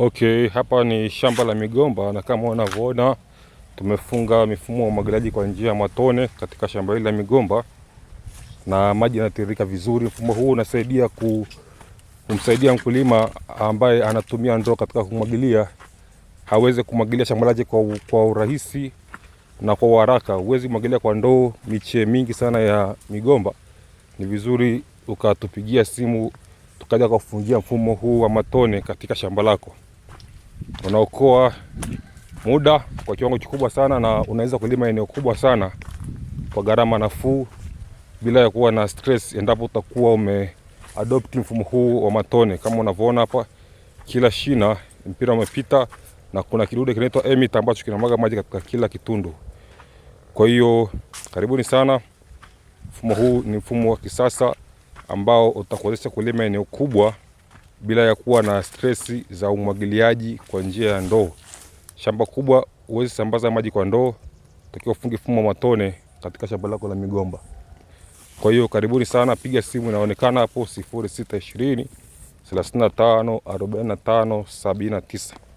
Okay, hapa ni shamba la migomba na kama unavyoona tumefunga mifumo ya umwagiliaji kwa njia ya matone katika shamba hili la migomba na maji yanatiririka vizuri. Mfumo huu unasaidia ku, kumsaidia mkulima ambaye anatumia ndoo katika kumwagilia aweze kumwagilia shamba lake kwa, kwa urahisi na kwa haraka. Huwezi kumwagilia kwa ndoo miche mingi sana ya migomba, ni vizuri ukatupigia simu tukaja kufungia mfumo huu wa matone katika shamba lako unaokoa muda kwa kiwango kikubwa sana, na unaweza kulima eneo kubwa sana kwa gharama nafuu bila ya kuwa na stress, endapo utakuwa adopt mfumo huu wa matone. Kama unavyoona hapa, kila shina mpira umepita, na kuna kidude kinaitwa emit ambacho kinamwaga maji katika kila kitundu. Kwa hiyo karibuni sana. Mfumo huu ni mfumo wa kisasa ambao utakuwezesha kulima eneo kubwa bila ya kuwa na stresi za umwagiliaji kwa njia ya ndoo. Shamba kubwa huwezi sambaza maji kwa ndoo, takiwa ufunge mfumo wa matone katika shamba lako la migomba. Kwa hiyo karibuni sana, piga simu inaonekana hapo 0620 35 45 79.